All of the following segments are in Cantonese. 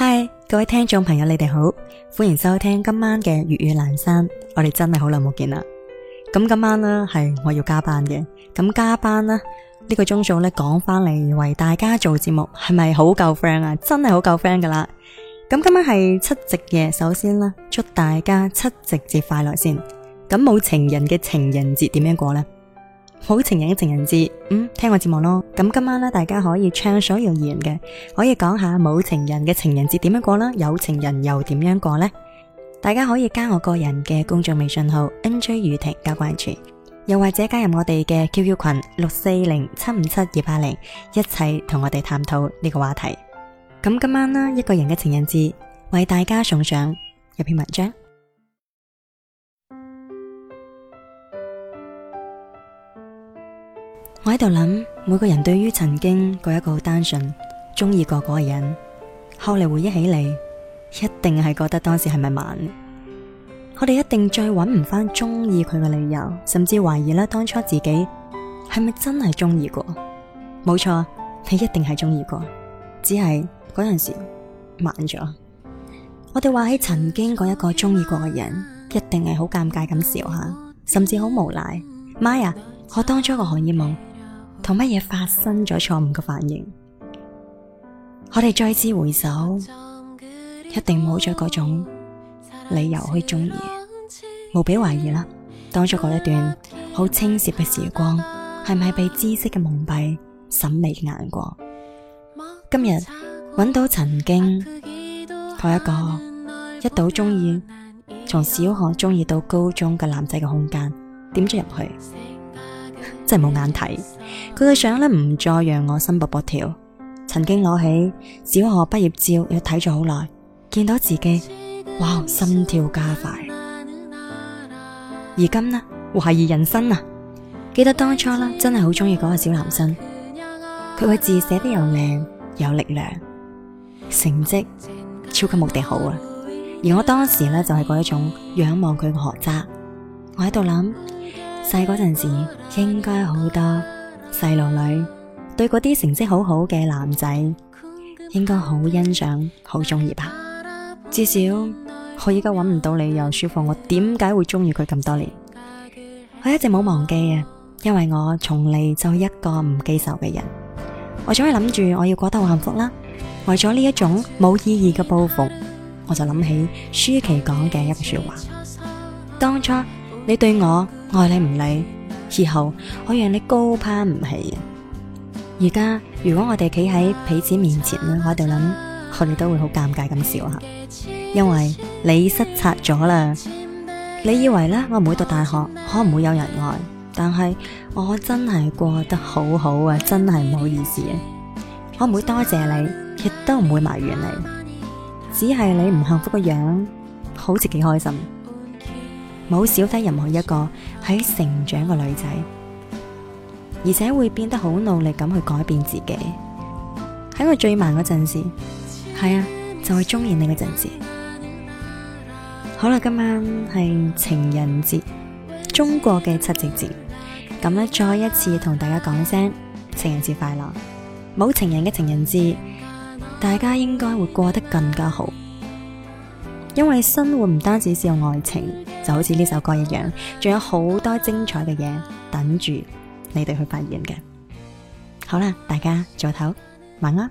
嗨，Hi, 各位聽眾朋友，你哋好，歡迎收聽今晚嘅粵語闌珊，我哋真係好耐冇見啦。咁今晚呢，係我要加班嘅，咁加班咧呢、呢個鐘數咧講翻嚟爲大家做節目，係咪好夠 friend 啊？真係好夠 friend 噶啦。咁今晚係七夕夜，首先啦，祝大家七夕節快樂先。咁冇情人嘅情人節點樣過呢？冇情人嘅情人節，嗯，聽我節目咯。咁今晚呢，大家可以暢所欲言嘅，可以講下冇情人嘅情人節點樣過啦，有情人又點樣過呢？大家可以加我個人嘅公眾微信號 NJ 雨婷加關注，又或者加入我哋嘅 QQ 群六四零七五七二八零，80, 一齊同我哋探討呢個話題。咁今晚啦，一個人嘅情人節，為大家送上一篇文章。我喺度諗，每個人對於曾經嗰一個好單純，中意過嗰個人，後嚟回憶起嚟，一定係覺得當時係咪盲。我哋一定再搵唔翻中意佢嘅理由，甚至懷疑啦，當初自己係咪真係中意過？冇錯，你一定係中意過，只係嗰陣時盲咗。我哋話起曾經嗰一個中意過嘅人，一定係好尷尬咁笑下，甚至好無賴。媽呀，我當初個荷爾蒙。同乜嘢發生咗錯誤嘅反應？我哋再次回首，一定冇咗嗰種理由去中意，無比懷疑啦。當初嗰一段好清澈嘅時光，係咪被知識嘅蒙蔽、審美嘅眼光？今日揾到曾經同一個一度中意，從小學中意到高中嘅男仔嘅空間，點咗入去。真係冇眼睇，佢嘅相咧唔再讓我心卜卜跳。曾經攞起小學畢業照，又睇咗好耐，見到自己，哇，心跳加快。而今呢，懷疑人生啊！記得當初咧，真係好中意嗰個小男生，佢嘅字寫得又靚有力量，成績超級無敵好啊！而我當時呢，就係嗰一種仰望佢嘅學渣，我喺度諗細嗰陣時。應該好多細路女對嗰啲成績好好嘅男仔應該好欣賞、好中意吧？至少我而家揾唔到理由說服我點解會中意佢咁多年。我一直冇忘記啊，因為我從嚟就係一個唔記仇嘅人。我總係諗住我要過得好幸福啦。為咗呢一種冇意義嘅報復，我就諗起舒淇講嘅一句說話：當初你對我愛理唔理。以後我讓你高攀唔起。而家如果我哋企喺彼此面前咧，我哋諗我哋都會好尷尬咁笑吓，因為你失策咗啦。你以為咧我唔會讀大學，可唔會有人愛？但係我真係過得好好啊，真係唔好意思啊。我唔會多謝你，亦都唔會埋怨你，只係你唔幸福嘅樣，好似幾開心。冇少睇任何一個喺成長嘅女仔，而且會變得好努力咁去改變自己。喺我最盲嗰陣時，係啊，就係中意你嗰陣時。好啦，今晚係情人節，中國嘅七夕節，咁呢，再一次同大家講聲情人節快樂。冇情人嘅情人節，大家應該會過得更加好，因為生活唔單止只有愛情。就好似呢首歌一樣，仲有好多精彩嘅嘢等住你哋去發現嘅。好啦，大家早唞，晚安。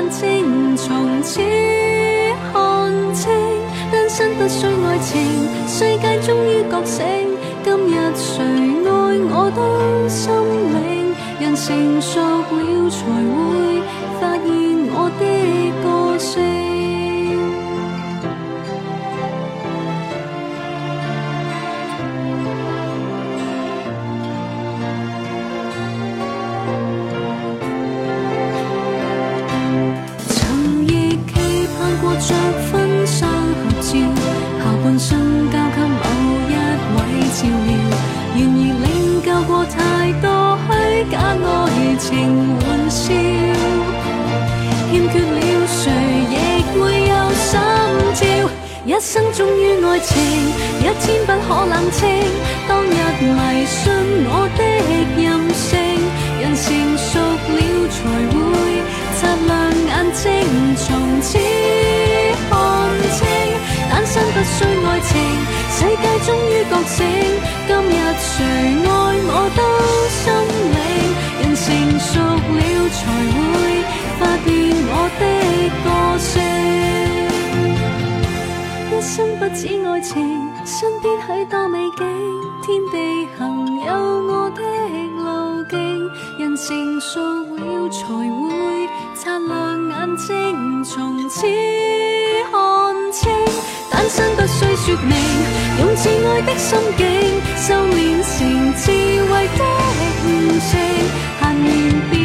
眼睛從此看清，單身不需愛情，世界終於覺醒。今日誰愛我都心領，人成熟了才會發現我的個性。一生忠於愛情，一天不可冷清。當日迷信我的任性，人成熟了才會擦亮眼睛，從此看清。單身不需愛情，世界終於覺醒。今日誰愛我都心領。只愛情，身邊許多美景，天地行有我的路徑，人成熟了，才會擦亮眼睛，從此看清。單身不需說明，用摯愛的心境，修煉成智慧的悟性。